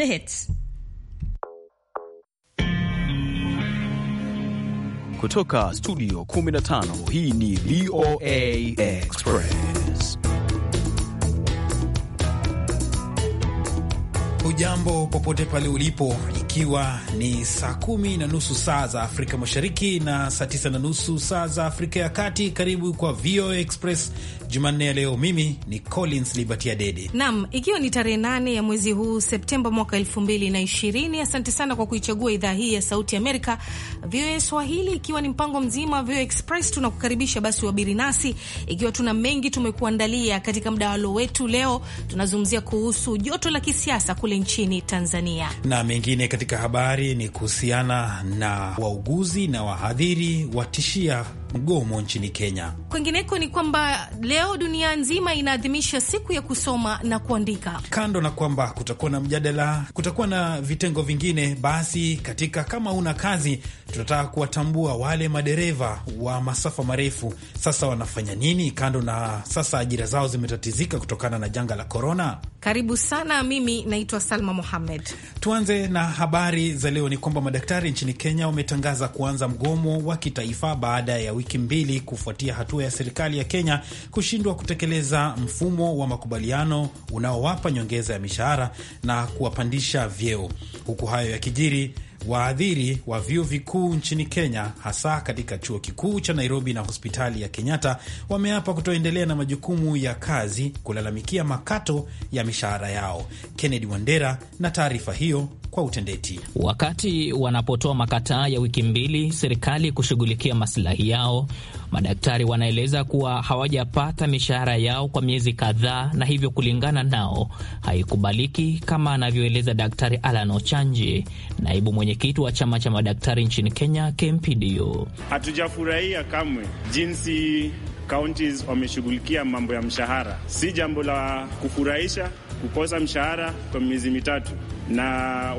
The Hits. Kutoka studio 15 hii ni VOA Express. Ujambo popote pale ulipo, ikiwa ni saa kumi na nusu saa za Afrika Mashariki na saa tisa na nusu saa za Afrika ya Kati. Karibu kwa VOA Express Jumanne ya leo. Mimi ni Collins Libatia Dede. nam, ikiwa ni tarehe nane ya mwezi huu Septemba mwaka elfu mbili na ishirini. Asante sana kwa kuichagua idhaa hii ya Sauti Amerika VOA Swahili, ikiwa ni mpango mzima wa VOA Express tunakukaribisha basi, uabiri nasi ikiwa tuna mengi tumekuandalia katika mdawalo wetu leo. Tunazungumzia kuhusu joto la kisiasa kule nchini Tanzania na mengine. Katika habari ni kuhusiana na wauguzi na wahadhiri watishia mgomo nchini Kenya. Kwingineko ni kwamba leo dunia nzima inaadhimisha siku ya kusoma na kuandika. Kando na kwamba kutakuwa na mjadala, kutakuwa na vitengo vingine, basi katika kama una kazi, tunataka kuwatambua wale madereva wa masafa marefu, sasa wanafanya nini kando na sasa ajira zao zimetatizika kutokana na janga la korona. Karibu sana. Mimi naitwa Salma Mohamed. Tuanze na habari za leo. Ni kwamba madaktari nchini Kenya wametangaza kuanza mgomo wa kitaifa baada ya wiki mbili kufuatia hatua ya serikali ya Kenya kushindwa kutekeleza mfumo wa makubaliano unaowapa nyongeza ya mishahara na kuwapandisha vyeo. Huku hayo yakijiri waadhiri wa vyuo vikuu nchini Kenya, hasa katika chuo kikuu cha Nairobi na hospitali ya Kenyatta, wameapa kutoendelea na majukumu ya kazi kulalamikia makato ya mishahara yao. Kennedy Wandera na taarifa hiyo kwa utendeti. Wakati wanapotoa makataa ya wiki mbili serikali kushughulikia masilahi yao, Madaktari wanaeleza kuwa hawajapata mishahara yao kwa miezi kadhaa, na hivyo kulingana nao haikubaliki, kama anavyoeleza Daktari Alan Ochanje, naibu mwenyekiti wa chama cha madaktari nchini Kenya, KMPDU. Hatujafurahia kamwe jinsi kaunti wameshughulikia mambo ya mshahara, si jambo la kufurahisha kukosa mshahara kwa miezi mitatu, na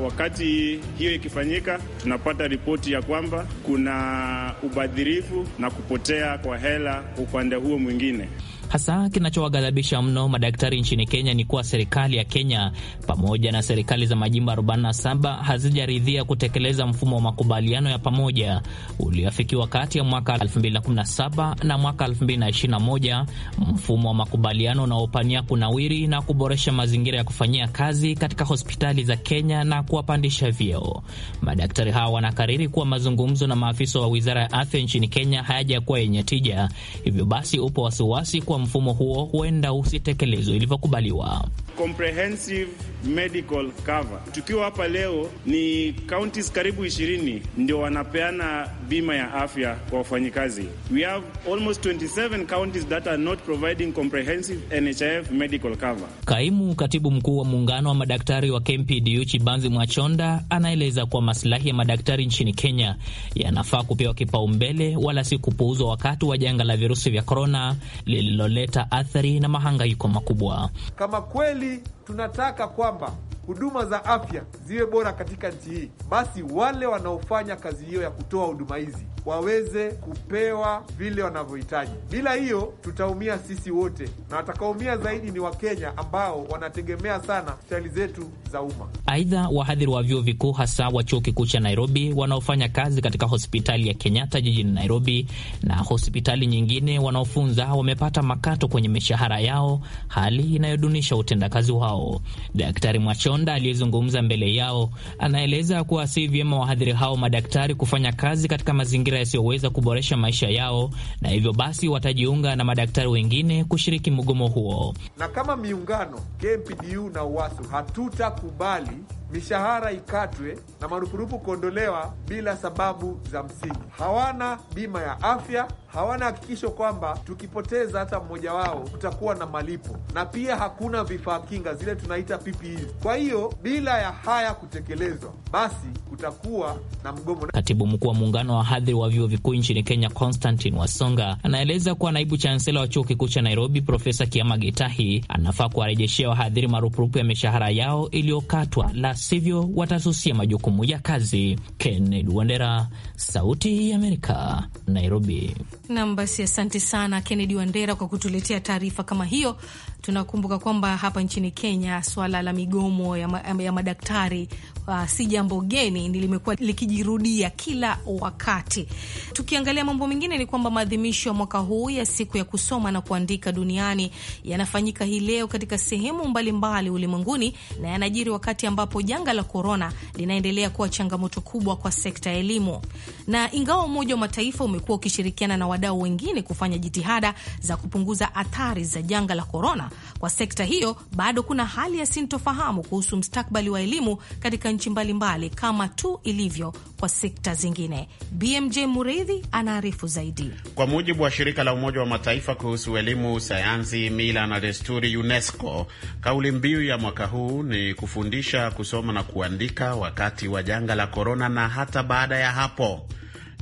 wakati hiyo ikifanyika, tunapata ripoti ya kwamba kuna ubadhirifu na kupotea kwa hela upande huo mwingine. Hasa kinachowaghadhabisha mno madaktari nchini Kenya ni kuwa serikali ya Kenya pamoja na serikali za majimbo 47 hazijaridhia kutekeleza mfumo wa makubaliano ya pamoja ulioafikiwa kati ya mwaka 2017 na mwaka 2021, mfumo wa makubaliano unaopania kunawiri na kuboresha mazingira ya kufanyia kazi katika hospitali za Kenya na kuwapandisha vyeo. Madaktari hawa wanakariri kuwa mazungumzo na maafisa wa wizara ya afya nchini Kenya hayajakuwa yenye tija, hivyo basi upo wasiwasi kuwa mfumo huo huenda usitekelezwe ilivyokubaliwa comprehensive medical cover. Tukiwa hapa leo ni counties karibu 20 ndio wanapeana bima ya afya kwa wafanyikazi. We have almost 27 counties that are not providing comprehensive NHIF medical cover. Kaimu katibu mkuu wa muungano wa madaktari wa KMPDU Chibanzi Mwachonda anaeleza kuwa masilahi ya madaktari nchini Kenya yanafaa kupewa kipaumbele wala si kupuuzwa wakati wa janga la virusi vya korona lililoleta athari na mahangaiko makubwa. Kama kweli tunataka kwamba huduma za afya ziwe bora katika nchi hii, basi wale wanaofanya kazi hiyo ya kutoa huduma hizi waweze kupewa vile wanavyohitaji. Bila hiyo, tutaumia sisi wote, na watakaumia zaidi ni Wakenya ambao wanategemea sana hospitali zetu za umma. Aidha, wahadhiri wa vyuo vikuu hasa wa chuo kikuu cha Nairobi wanaofanya kazi katika hospitali ya Kenyatta jijini Nairobi na hospitali nyingine wanaofunza wamepata makato kwenye mishahara yao, hali inayodunisha utendakazi wao. Daktari Mwacho Matonda aliyezungumza mbele yao anaeleza kuwa si vyema wahadhiri hao madaktari kufanya kazi katika mazingira yasiyoweza kuboresha maisha yao, na hivyo basi watajiunga na madaktari wengine kushiriki mgomo huo. Na kama miungano KMPDU na UWASU hatutakubali mishahara ikatwe na marupurupu kuondolewa bila sababu za msingi. Hawana bima ya afya, hawana hakikisho kwamba tukipoteza hata mmoja wao kutakuwa na malipo, na pia hakuna vifaa kinga, zile tunaita PPE. Kwa hiyo bila ya haya kutekelezwa, basi kutakuwa na mgomo. Katibu mkuu wa muungano wa wahadhiri wa vyuo vikuu nchini Kenya, Constantine Wasonga, anaeleza kuwa naibu chansela wa chuo kikuu cha Nairobi Profesa Kiama Gitahi anafaa kuwarejeshea wahadhiri marupurupu ya mishahara yao iliyokatwa, sivyo watasusia majukumu ya kazi. Kennedy Wandera, Sauti ya Amerika, Nairobi. Nam basi, asante sana Kennedy Wandera kwa kutuletea taarifa kama hiyo. Tunakumbuka kwamba hapa nchini Kenya swala la migomo ya, ma, ya madaktari uh, si jambo geni, limekuwa likijirudia kila wakati. Tukiangalia mambo mengine, ni kwamba maadhimisho ya mwaka huu ya siku ya kusoma na kuandika duniani yanafanyika hii leo katika sehemu mbalimbali ulimwenguni na yanajiri wakati ambapo janga la korona linaendelea kuwa changamoto kubwa kwa sekta ya elimu, na ingawa Umoja wa Mataifa umekuwa ukishirikiana na wadau wengine kufanya jitihada za kupunguza athari za janga la korona kwa sekta hiyo, bado kuna hali ya sintofahamu kuhusu mstakbali wa elimu katika nchi mbalimbali kama tu ilivyo kwa sekta zingine. BMJ Muridhi anaarifu zaidi. Kwa mujibu wa shirika la Umoja wa Mataifa kuhusu elimu, sayansi, mila na desturi, UNESCO, kauli mbiu ya mwaka huu ni kufundisha kusoma na kuandika wakati wa janga la korona na hata baada ya hapo.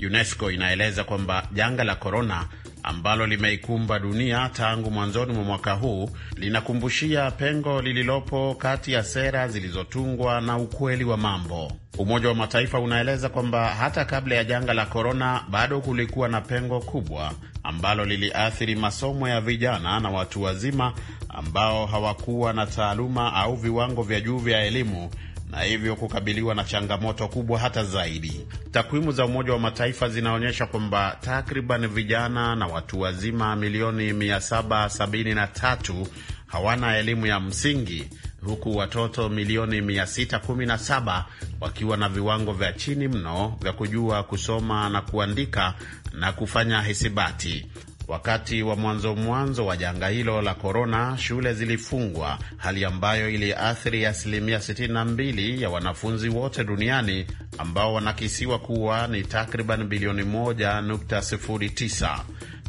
UNESCO inaeleza kwamba janga la korona ambalo limeikumba dunia tangu mwanzoni mwa mwaka huu linakumbushia pengo lililopo kati ya sera zilizotungwa na ukweli wa mambo. Umoja wa Mataifa unaeleza kwamba hata kabla ya janga la korona bado kulikuwa na pengo kubwa ambalo liliathiri masomo ya vijana na watu wazima ambao hawakuwa na taaluma au viwango vya juu vya elimu na hivyo kukabiliwa na changamoto kubwa hata zaidi. Takwimu za Umoja wa Mataifa zinaonyesha kwamba takriban vijana na watu wazima milioni 773 hawana elimu ya msingi huku watoto milioni 617 wakiwa na viwango vya chini mno vya kujua kusoma na kuandika na kufanya hisibati Wakati wa mwanzo mwanzo wa janga hilo la korona, shule zilifungwa, hali ambayo iliathiri asilimia 62 ya wanafunzi wote duniani ambao wanakisiwa kuwa ni takriban bilioni 1.09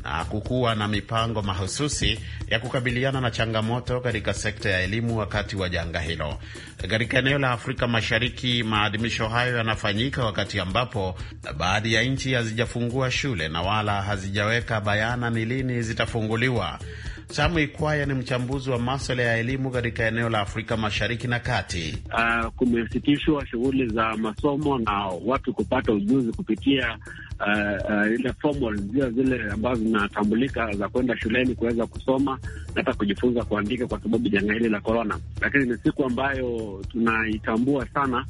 hakukuwa ah, na mipango mahususi ya kukabiliana na changamoto katika sekta ya elimu wakati wa janga hilo. Katika eneo la Afrika Mashariki, maadhimisho hayo yanafanyika wakati ambapo baadhi ya nchi hazijafungua shule na wala hazijaweka bayana ni lini zitafunguliwa. Samu Ikwaya ni mchambuzi wa maswala ya elimu katika eneo la Afrika Mashariki na Kati. Uh, kumesitishwa shughuli za masomo na watu kupata ujuzi kupitia uh, uh, ile formal zile zile ambazo zinatambulika za kwenda shuleni kuweza kusoma na hata kujifunza kuandika, kwa sababu janga hili la korona. Lakini ni siku ambayo tunaitambua sana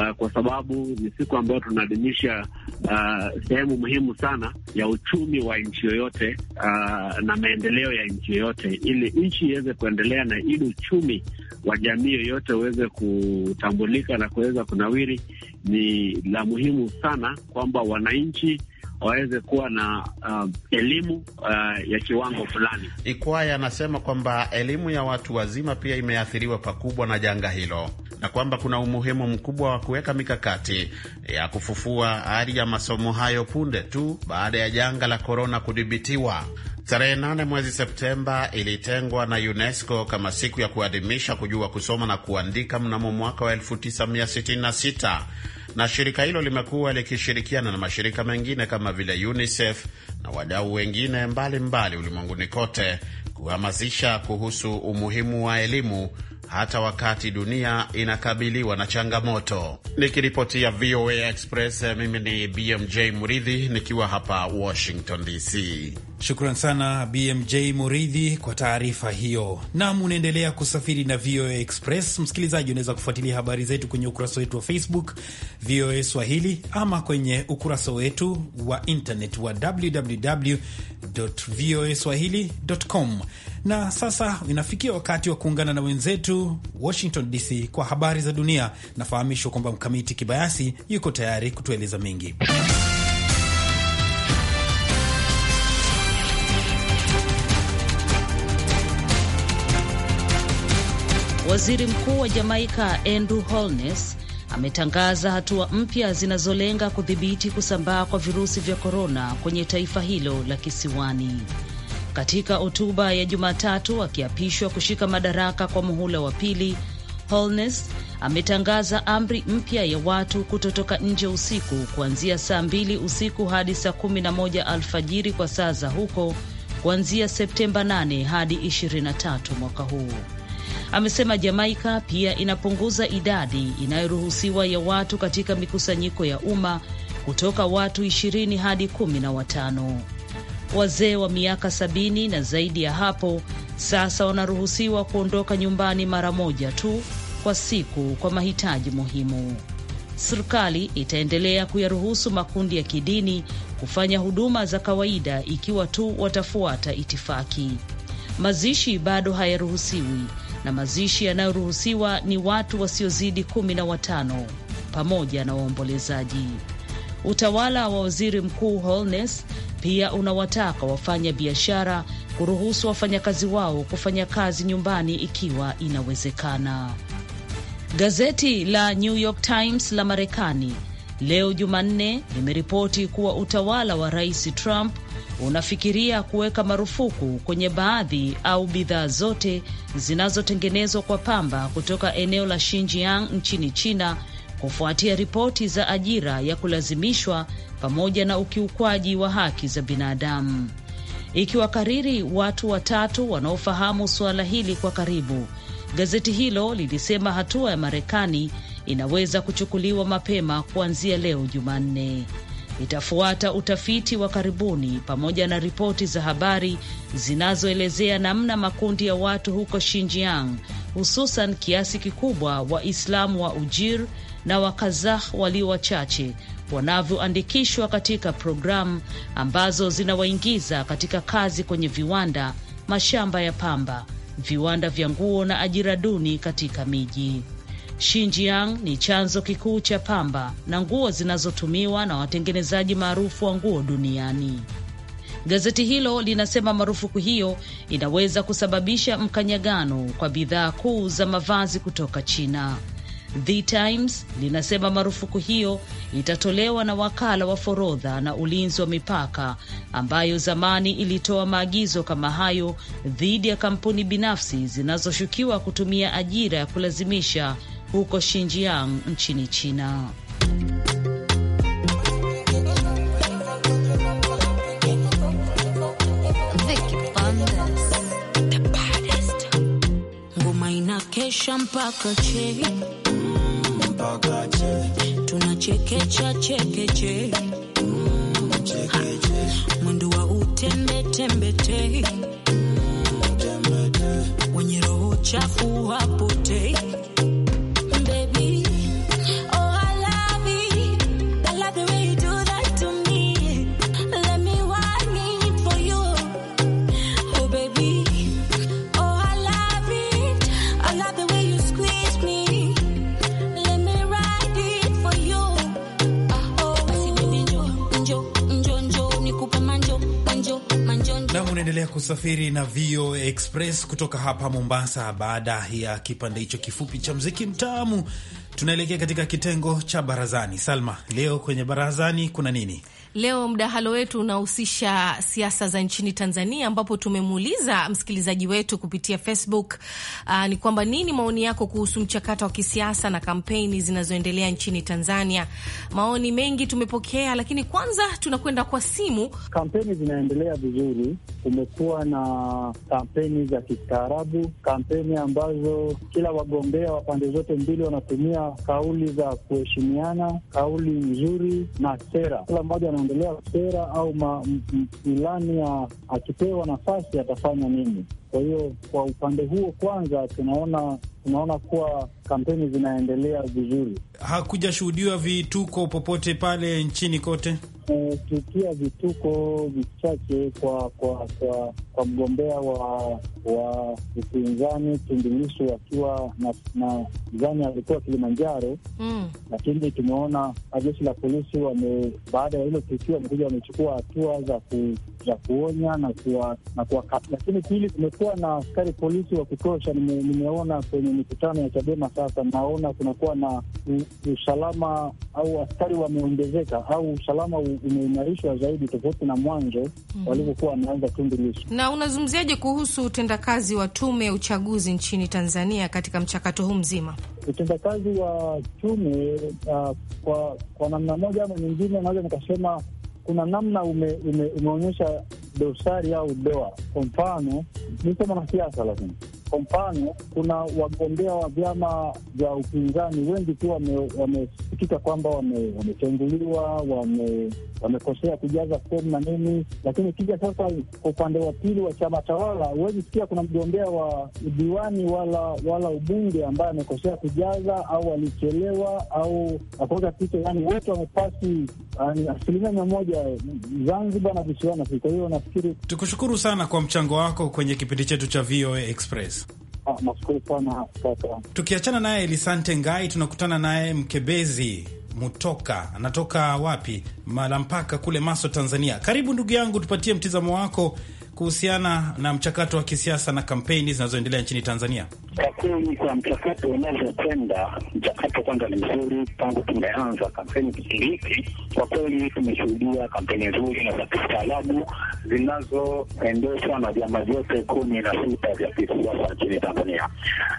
uh, kwa sababu ni siku ambayo tunaadhimisha uh, sehemu muhimu sana ya uchumi wa nchi yoyote uh, na maendeleo ya nchi yoyote, ili nchi iweze kuendelea na ili uchumi wa jamii yoyote uweze kutambulika na kuweza kunawiri ni la muhimu sana kwamba wananchi waweze kuwa na uh, elimu uh, ya kiwango fulani. Ikwaya anasema kwamba elimu ya watu wazima pia imeathiriwa pakubwa na janga hilo na kwamba kuna umuhimu mkubwa wa kuweka mikakati ya kufufua ari ya masomo hayo punde tu baada ya janga la korona kudhibitiwa. Tarehe nane mwezi Septemba ilitengwa na UNESCO kama siku ya kuadhimisha kujua kusoma na kuandika mnamo mwaka wa 1966 na shirika hilo limekuwa likishirikiana na mashirika mengine kama vile UNICEF na wadau wengine mbalimbali ulimwenguni kote kuhamasisha kuhusu umuhimu wa elimu hata wakati dunia inakabiliwa na changamoto. Nikiripotia VOA Express, eh, mimi ni BMJ Muridhi nikiwa hapa Washington DC. Shukran sana BMJ Muridhi kwa taarifa hiyo. Nam, unaendelea kusafiri na VOA Express. Msikilizaji, unaweza kufuatilia habari zetu kwenye ukurasa wetu wa Facebook VOA Swahili ama kwenye ukurasa wetu wa internet wa www voa swahili.com. Na sasa inafikia wakati wa kuungana na wenzetu Washington DC kwa habari za dunia. Nafahamishwa kwamba Mkamiti Kibayasi yuko tayari kutueleza mengi. Waziri Mkuu wa Jamaika Andrew Holness ametangaza hatua mpya zinazolenga kudhibiti kusambaa kwa virusi vya korona kwenye taifa hilo la kisiwani. Katika hotuba ya Jumatatu akiapishwa kushika madaraka kwa muhula wa pili, Holness ametangaza amri mpya ya watu kutotoka nje usiku kuanzia saa mbili usiku hadi saa kumi na moja alfajiri kwa saa za huko kuanzia Septemba 8 hadi 23 mwaka huu. Amesema Jamaika pia inapunguza idadi inayoruhusiwa ya watu katika mikusanyiko ya umma kutoka watu 20 hadi kumi na watano wazee wa miaka sabini na zaidi ya hapo sasa wanaruhusiwa kuondoka nyumbani mara moja tu kwa siku kwa mahitaji muhimu. Serikali itaendelea kuyaruhusu makundi ya kidini kufanya huduma za kawaida ikiwa tu watafuata itifaki. Mazishi bado hayaruhusiwi, na mazishi yanayoruhusiwa ni watu wasiozidi kumi na watano pamoja na waombolezaji. Utawala wa waziri mkuu Holness pia unawataka wafanya biashara kuruhusu wafanyakazi wao kufanya kazi nyumbani ikiwa inawezekana. Gazeti la New York Times la Marekani leo Jumanne limeripoti kuwa utawala wa Rais Trump unafikiria kuweka marufuku kwenye baadhi au bidhaa zote zinazotengenezwa kwa pamba kutoka eneo la Xinjiang nchini China kufuatia ripoti za ajira ya kulazimishwa pamoja na ukiukwaji wa haki za binadamu, ikiwakariri watu watatu wanaofahamu suala hili kwa karibu. Gazeti hilo lilisema hatua ya Marekani inaweza kuchukuliwa mapema kuanzia leo Jumanne. Itafuata utafiti wa karibuni pamoja na ripoti za habari zinazoelezea namna makundi ya watu huko Xinjiang, hususan kiasi kikubwa Waislamu wa Ujir na Wakazakh walio wachache wanavyoandikishwa katika programu ambazo zinawaingiza katika kazi kwenye viwanda, mashamba ya pamba, viwanda vya nguo na ajira duni katika miji. Xinjiang ni chanzo kikuu cha pamba na nguo zinazotumiwa na watengenezaji maarufu wa nguo duniani. Gazeti hilo linasema marufuku hiyo inaweza kusababisha mkanyagano kwa bidhaa kuu za mavazi kutoka China. The Times linasema marufuku hiyo itatolewa na wakala wa forodha na ulinzi wa mipaka ambayo zamani ilitoa maagizo kama hayo dhidi ya kampuni binafsi zinazoshukiwa kutumia ajira ya kulazimisha huko Xinjiang nchini China. Ngoma inakesha mpaka che, mpaka che, tunachekecha chekeche mwendo wa utembetembete, wenye roho chafu hapo unaendelea kusafiri na vo Express kutoka hapa Mombasa, baada ya kipande hicho kifupi cha mziki mtamu Tunaelekea katika kitengo cha barazani. Salma, leo kwenye barazani kuna nini? Leo mdahalo wetu unahusisha siasa za nchini Tanzania, ambapo tumemuuliza msikilizaji wetu kupitia Facebook aa, ah, ni kwamba nini maoni yako kuhusu mchakato wa kisiasa na kampeni zinazoendelea nchini Tanzania. Maoni mengi tumepokea, lakini kwanza tunakwenda kwa simu. Kampeni zinaendelea vizuri, kumekuwa na kampeni za kistaarabu, kampeni ambazo kila wagombea wa pande zote mbili wanatumia kauli za kuheshimiana, kauli nzuri na sera. Kila mmoja anaendelea sera au ilani ya akipewa nafasi atafanya nini. Kwa hiyo kwa upande huo kwanza tunaona tunaona kuwa kampeni zinaendelea vizuri. Hakujashuhudiwa vituko popote pale nchini kote, tukia vituko vichache kwa kwa kwa, kwa mgombea wa wa upinzani Tundulisu akiwa na zani alikuwa Kilimanjaro mm. Lakini tumeona jeshi la polisi wame, baada ya hilo tukio wamekuja wamechukua hatua za ya kuonya na kuwa na Lakini pili, kumekuwa na askari polisi wa kutosha, nimeona kwenye mikutano ya Chadema. Sasa naona kunakuwa na usalama au askari wameongezeka au usalama umeimarishwa zaidi tofauti na mwanzo mm walivyokuwa wameanza tundu Lissu. Na unazungumziaje kuhusu utendakazi wa tume ya uchaguzi nchini Tanzania katika mchakato huu mzima? Utendakazi wa tume uh, kwa, kwa namna moja ama nyingine naweza nikasema kuna namna ume, ume, umeonyesha dosari au doa. Kwa mfano ni kama na siasa, lakini kwa mfano, kuna wagombea wa vyama vya upinzani wengi tu wamesikika wame, kwamba wametenguliwa wame wamekosea wame kujaza fomu na nini, lakini kija sasa kwa upande wa pili wa chama tawala huwezi sikia kuna mgombea wa udiwani wala wala ubunge ambaye amekosea kujaza au alichelewa au akaweka picha, yani wote wamepasi asilimia mia moja Zanzibar na visiwani. Kwa hiyo nafikiri tukushukuru sana kwa mchango wako kwenye kipindi chetu cha VOA Express. Ah, nashukuru sana Tukiachana naye Elisante Ngai, tunakutana naye Mkebezi Mutoka, anatoka wapi? Malampaka kule Maso, Tanzania. Karibu ndugu yangu, tupatie mtizamo wako kuhusiana na mchakato wa kisiasa na kampeni zinazoendelea nchini Tanzania? Kwa kweli, kwa mchakato unavyokwenda, mchakato kwanza ni mzuri. Tangu tumeanza kampeni kishiriki, kwa kweli tumeshuhudia kampeni nzuri na za kistaarabu zinazoendeshwa na vyama vyote kumi na sita vya kisiasa nchini Tanzania,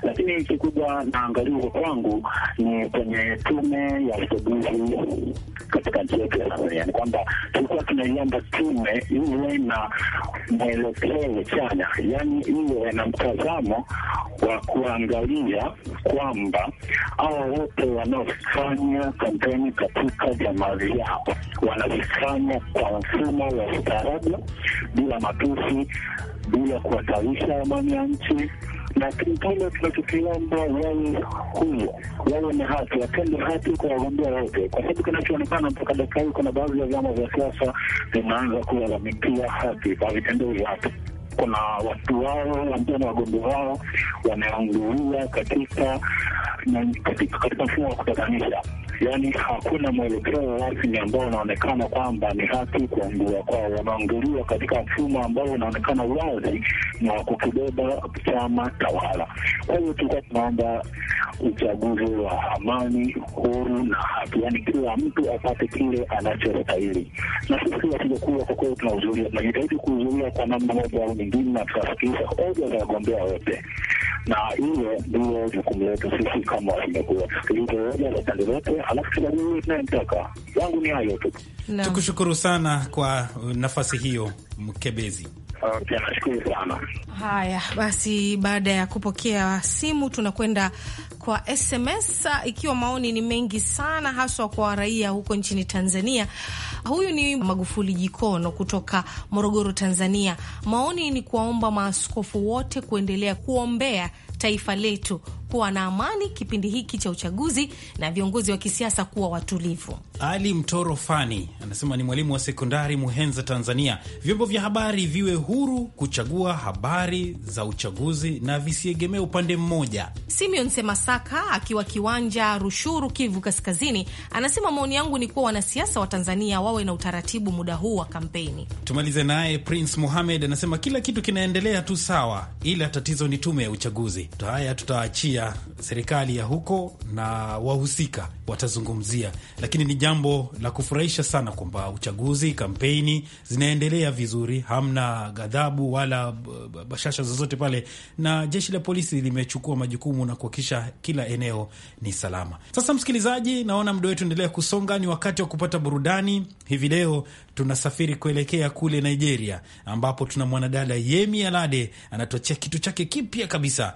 lakini kikubwa na angalizo kwangu ni kwenye tume ya uchaguzi katika nchi yetu ya Tanzania, ni kwamba tulikuwa tunaiomba tume iwe na mwelekeo chanya, yaani iwe na mtazamo wa kuangalia kwamba hawa wote wanaofanya kampeni katika jamii yao wanazifanya kwa mfumo wa ustaarabu, bila matusi, bila kuhatarisha amani ya nchi na kingine tunachokiomba wawe huyo, wawe na haki, watende haki kwa wagombea wote, kwa sababu kinachoonekana mpaka dakika hii, kuna baadhi ya vyama vya siasa vinaanza kulalamikia haki, vya haki kuna watu wao ambao na wagombea wao wanaangulia katika katika mfumo wa kutatanisha yani hakuna mwelekeo rasmi ambao unaonekana kwamba ni haki kuangua kwao. Wanaanguliwa katika mfumo ambao unaonekana wazi na kukibeba chama tawala. Kwa hiyo tulikuwa tunaomba uchaguzi wa amani, huru na haki, yani kila mtu apate kile anachostahili. Na sisi watujakuwa kwa kweli tunahudhuria, tunajitahidi kuhudhuria kwa namna moja au nyingine, na tunasikiliza hoja za wagombea wote na hiyo ndio jukumu letu sisi kama wamekuwa tusikilize na pande zote, alafu tunajua tunayemtaka. Yangu ni hayo tu. Tukushukuru sana kwa nafasi hiyo Mkebezi. Uh, nashukuru sana. Haya basi, baada ya kupokea simu tunakwenda kwa SMS, ikiwa maoni ni mengi sana, haswa kwa raia huko nchini Tanzania. Huyu ni Magufuli Jikono kutoka Morogoro, Tanzania. Maoni ni kuwaomba maaskofu wote kuendelea kuombea taifa letu kuwa na amani kipindi hiki cha uchaguzi na viongozi wa kisiasa kuwa watulivu. Ali Mtoro Fani anasema ni mwalimu wa sekondari Muhenza, Tanzania. Vyombo vya habari viwe huru kuchagua habari za uchaguzi na visiegemee upande mmoja. Simeon Semasaka akiwa Kiwanja Rushuru, Kivu Kaskazini, anasema maoni yangu ni kuwa wanasiasa wa Tanzania wawe na utaratibu muda huu wa kampeni. Tumalize naye Prince Mohamed anasema kila kitu kinaendelea tu sawa, ila tatizo ni tume ya uchaguzi. Haya, tutaachia pia serikali ya huko na wahusika watazungumzia, lakini ni jambo la kufurahisha sana kwamba uchaguzi, kampeni zinaendelea vizuri, hamna ghadhabu wala bashasha zozote pale, na jeshi la polisi limechukua majukumu na kuhakikisha kila eneo ni salama. Sasa msikilizaji, naona muda wetu endelea kusonga, ni wakati wa kupata burudani. Hivi leo tunasafiri kuelekea kule Nigeria, ambapo tuna mwanadada Yemi Alade anatuachia kitu chake kipya kabisa.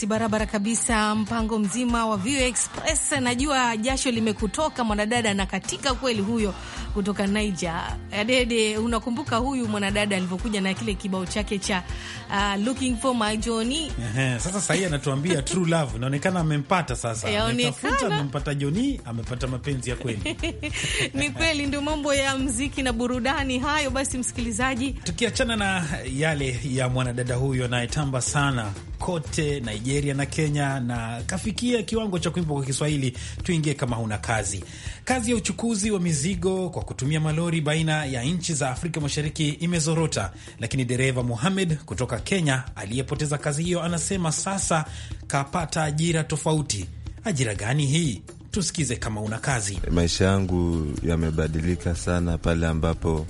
basi barabara kabisa, mpango mzima wa VOA Express. Najua jasho limekutoka mwanadada, na katika kweli huyo kutoka Niger Adede, unakumbuka huyu mwanadada alivyokuja na kile kibao chake cha uh, looking for my Johnny. Sasa sahii anatuambia true love, inaonekana amempata sasa, ametafuta amempata Johnny, amepata mapenzi ya kweli ni kweli, ndio mambo ya mziki na burudani hayo. Basi msikilizaji, tukiachana na yale ya mwanadada huyu anayetamba sana kote Nigeria na Kenya, na kafikia kiwango cha kuimbwa kwa Kiswahili tuingie kama huna kazi. Kazi ya uchukuzi wa mizigo kwa kutumia malori baina ya nchi za Afrika Mashariki imezorota, lakini dereva Muhamed kutoka Kenya aliyepoteza kazi hiyo anasema sasa kapata ajira tofauti. Ajira gani hii? Tusikize kama una kazi. Maisha yangu yamebadilika sana pale ambapo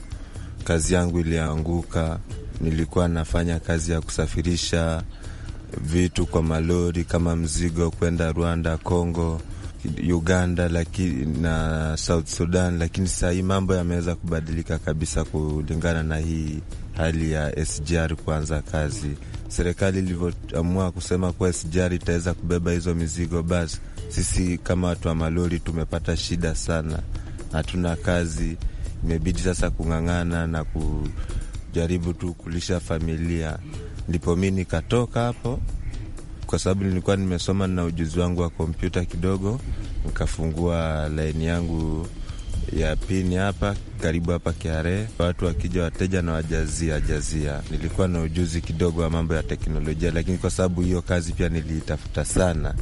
kazi yangu ilianguka. Nilikuwa nafanya kazi ya kusafirisha vitu kwa malori kama mzigo kwenda Rwanda, Congo, Uganda lakini na South Sudan, lakini saa hii mambo yameweza kubadilika kabisa kulingana na hii hali ya SGR kuanza kazi. Serikali ilivyoamua kusema kuwa SGR itaweza kubeba hizo mizigo, basi sisi kama watu wa malori tumepata shida sana, hatuna kazi. Imebidi sasa kung'ang'ana na kujaribu tu kulisha familia ndipo mi nikatoka hapo, kwa sababu nilikuwa nimesoma na ujuzi wangu wa kompyuta kidogo, nikafungua laini yangu ya pini hapa karibu hapa Kiare, watu wakija wateja na wajazia jazia. Nilikuwa na ujuzi kidogo wa mambo ya teknolojia, lakini kwa sababu hiyo kazi pia niliitafuta sana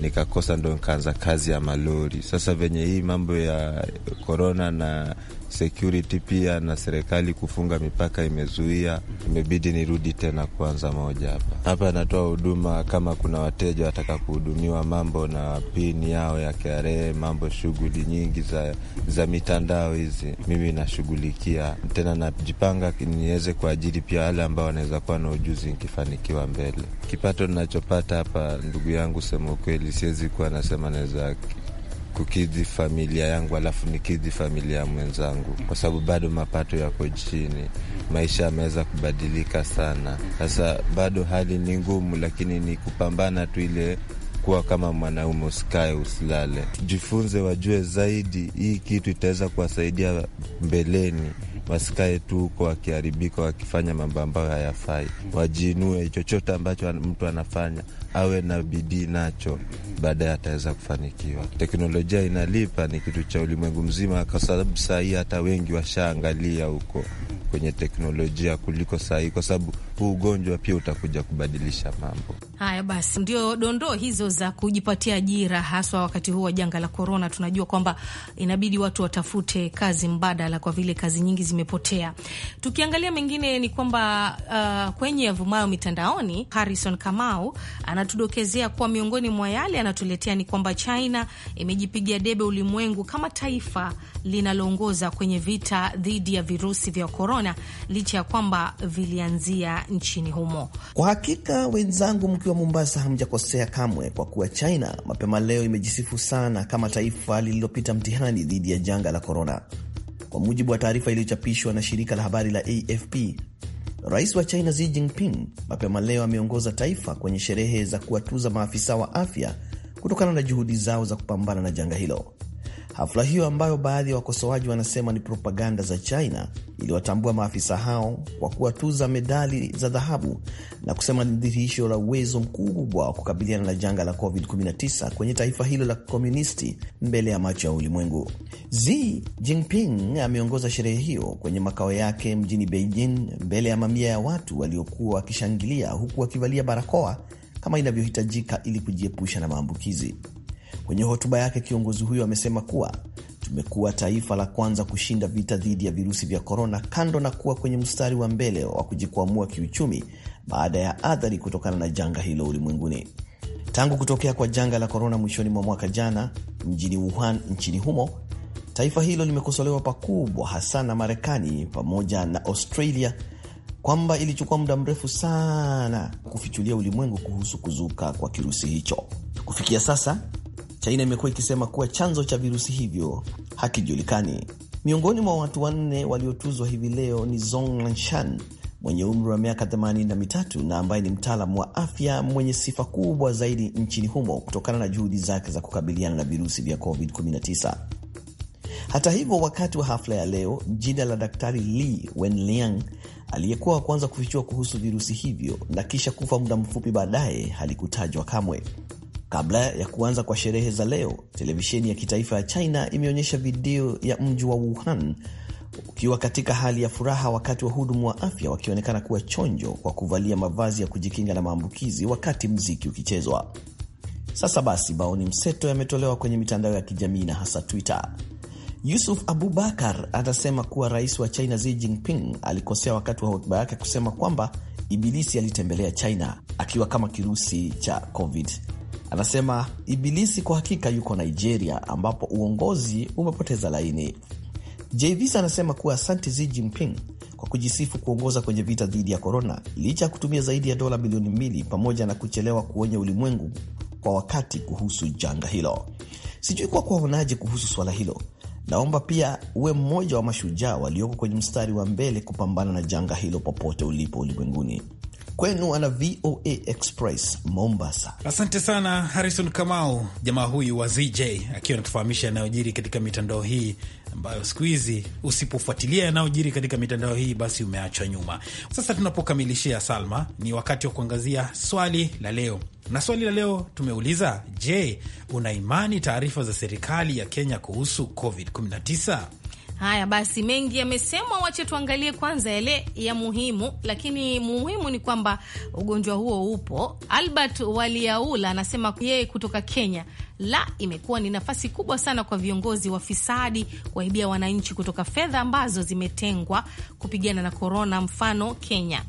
nikakosa, ndo nikaanza kazi ya malori. Sasa venye hii mambo ya korona na security pia na serikali kufunga mipaka imezuia, imebidi nirudi tena kuanza moja hapa hapa. Natoa huduma kama kuna wateja wataka kuhudumiwa mambo na pini yao ya KRA, mambo shughuli nyingi za, za mitandao hizi mimi nashughulikia. Tena najipanga niweze kuajiri pia wale ambao wanaweza kuwa na ujuzi nikifanikiwa mbele. Kipato ninachopata hapa, ndugu yangu, sema ukweli, siwezi kuwa nasema naweza kukidhi familia yangu, alafu nikidhi familia ya mwenzangu, kwa sababu bado mapato yako chini, maisha yameweza kubadilika sana. Sasa bado hali ni ngumu, lakini ni kupambana tu ile kuwa kama mwanaume, usikae usilale, jifunze, wajue zaidi. Hii kitu itaweza kuwasaidia mbeleni, wasikae tu huko wakiharibika, wakifanya mambo ambayo hayafai, wajiinue. Chochote ambacho mtu anafanya awe na bidii nacho, baadaye ataweza kufanikiwa. Teknolojia inalipa, ni kitu cha ulimwengu mzima, kwa sababu sahii hata wengi washaangalia huko kwenye teknolojia kuliko sahii kwa sababu huu ugonjwa pia utakuja kubadilisha mambo haya. Basi ndio dondoo hizo za kujipatia ajira, haswa wakati huu wa janga la korona. Tunajua kwamba inabidi watu watafute kazi mbadala kwa vile kazi nyingi zimepotea. Tukiangalia mengine ni kwamba uh, kwenye avumayo mitandaoni, Harrison Kamau anatudokezea kuwa miongoni mwa yale anatuletea ni kwamba China imejipigia debe ulimwengu kama taifa linaloongoza kwenye vita dhidi ya virusi vya korona, licha ya kwamba vilianzia nchini humo. Kwa hakika, wenzangu, mkiwa Mombasa hamjakosea kamwe, kwa kuwa China mapema leo imejisifu sana kama taifa lililopita mtihani dhidi ya janga la korona. Kwa mujibu wa taarifa iliyochapishwa na shirika la habari la AFP, Rais wa China Xi Jinping mapema leo ameongoza taifa kwenye sherehe za kuwatuza maafisa wa afya kutokana na juhudi zao za kupambana na janga hilo. Hafla hiyo ambayo baadhi ya wakosoaji wanasema ni propaganda za China iliwatambua maafisa hao kwa kuwatuza medali za dhahabu na kusema ni dhihirisho la uwezo mkubwa wa kukabiliana na janga la COVID-19 kwenye taifa hilo la komunisti mbele ya macho ya ulimwengu. Xi Jinping ameongoza sherehe hiyo kwenye makao yake mjini Beijing mbele ya mamia ya watu waliokuwa wakishangilia huku wakivalia barakoa kama inavyohitajika ili kujiepusha na maambukizi. Kwenye hotuba yake, kiongozi huyo amesema kuwa tumekuwa taifa la kwanza kushinda vita dhidi ya virusi vya korona, kando na kuwa kwenye mstari wa mbele wa kujikwamua kiuchumi baada ya athari kutokana na janga hilo ulimwenguni. Tangu kutokea kwa janga la korona mwishoni mwa mwaka jana mjini Wuhan nchini humo, taifa hilo limekosolewa pakubwa, hasa na Marekani pamoja na Australia kwamba ilichukua muda mrefu sana kufichulia ulimwengu kuhusu kuzuka kwa kirusi hicho. Kufikia sasa China imekuwa ikisema kuwa chanzo cha virusi hivyo hakijulikani. Miongoni mwa watu wanne waliotuzwa hivi leo ni zong lanshan mwenye umri wa miaka 83 na ambaye ni mtaalamu wa afya mwenye sifa kubwa zaidi nchini humo kutokana na juhudi zake za kukabiliana na virusi vya COVID-19. Hata hivyo, wakati wa hafla ya leo, jina la Daktari Li Wenliang aliyekuwa wa kwanza kufichua kuhusu virusi hivyo na kisha kufa muda mfupi baadaye halikutajwa kamwe. Kabla ya kuanza kwa sherehe za leo, televisheni ya kitaifa ya China imeonyesha video ya mji wa Wuhan ukiwa katika hali ya furaha, wakati wahudumu wa afya wakionekana kuwa chonjo kwa kuvalia mavazi ya kujikinga na maambukizi wakati mziki ukichezwa. Sasa basi, maoni mseto yametolewa kwenye mitandao ya kijamii na hasa Twitter. Yusuf Abubakar anasema kuwa rais wa China Xi Jinping alikosea wakati wa hotuba yake kusema kwamba ibilisi alitembelea China akiwa kama kirusi cha COVID Anasema Ibilisi kwa hakika yuko Nigeria, ambapo uongozi umepoteza laini. JVs anasema kuwa asante Xi Jinping kwa kujisifu kuongoza kwenye vita dhidi ya korona, licha ya kutumia zaidi ya dola bilioni mbili pamoja na kuchelewa kuonya ulimwengu kwa wakati kuhusu janga hilo. Sijui kwa kuwaonaje kuhusu swala hilo. Naomba pia uwe mmoja wa mashujaa walioko kwenye mstari wa mbele kupambana na janga hilo popote ulipo ulimwenguni kwenu ana VOA Express Mombasa. Asante sana Harrison Kamau, jamaa huyu wa ZJ akiwa anatufahamisha yanayojiri katika mitandao hii ambayo siku hizi usipofuatilia yanayojiri katika mitandao hii basi umeachwa nyuma. Sasa tunapokamilishia, Salma, ni wakati wa kuangazia swali la leo, na swali la leo tumeuliza, je, una imani taarifa za serikali ya Kenya kuhusu COVID-19? Haya basi, mengi yamesemwa, wache tuangalie kwanza yale ya muhimu, lakini muhimu ni kwamba ugonjwa huo upo. Albert Waliaula anasema yeye kutoka Kenya, la imekuwa ni nafasi kubwa sana kwa viongozi wafisadi kuwaibia wananchi kutoka fedha ambazo zimetengwa kupigana na korona, mfano Kenya.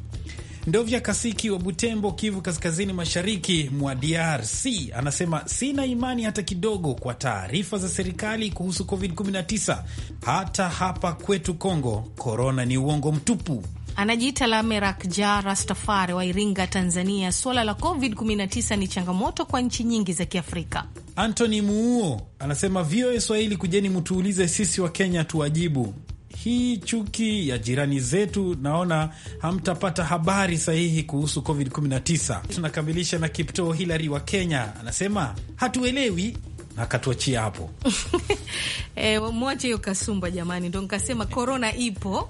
Ndovya Kasiki wa Butembo, Kivu Kaskazini, mashariki mwa DRC, anasema sina imani hata kidogo kwa taarifa za serikali kuhusu COVID-19. Hata hapa kwetu Kongo, korona ni uongo mtupu. Anajiita Merak Ja Rastafari wa Iringa, Tanzania. Suala la COVID-19 ni changamoto kwa nchi nyingi za Kiafrika. Antony Muuo anasema VOA Swahili, kujeni mtuulize sisi wa Kenya tuwajibu hii chuki ya jirani zetu, naona hamtapata habari sahihi kuhusu COVID-19. Tunakamilisha na kipto Hilary wa Kenya, anasema hatuelewi akatuachia hapo. E, mwache hiyo kasumba jamani, ndo nkasema korona ipo.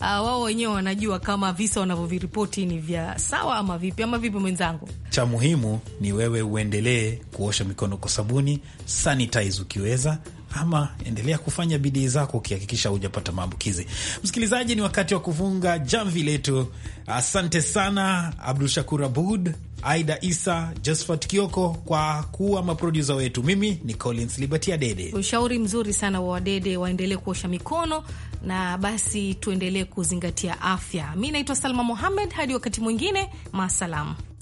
Uh, wao wenyewe wanajua kama visa wanavyoviripoti ni vya sawa ama vipi ama vipi, mwenzangu. Cha muhimu ni wewe uendelee kuosha mikono kwa sabuni, sanitize ukiweza ama endelea kufanya bidii zako ukihakikisha hujapata maambukizi. Msikilizaji, ni wakati wa kufunga jamvi letu. Asante sana Abdul Shakur Abud, Aida Isa, Josephat Kioko kwa kuwa maprodusa wetu. Mimi ni Collins liberty Dede. Ushauri mzuri sana wa Wadede, waendelee kuosha mikono na basi tuendelee kuzingatia afya. Mi naitwa Salma Mohamed, hadi wakati mwingine, masalam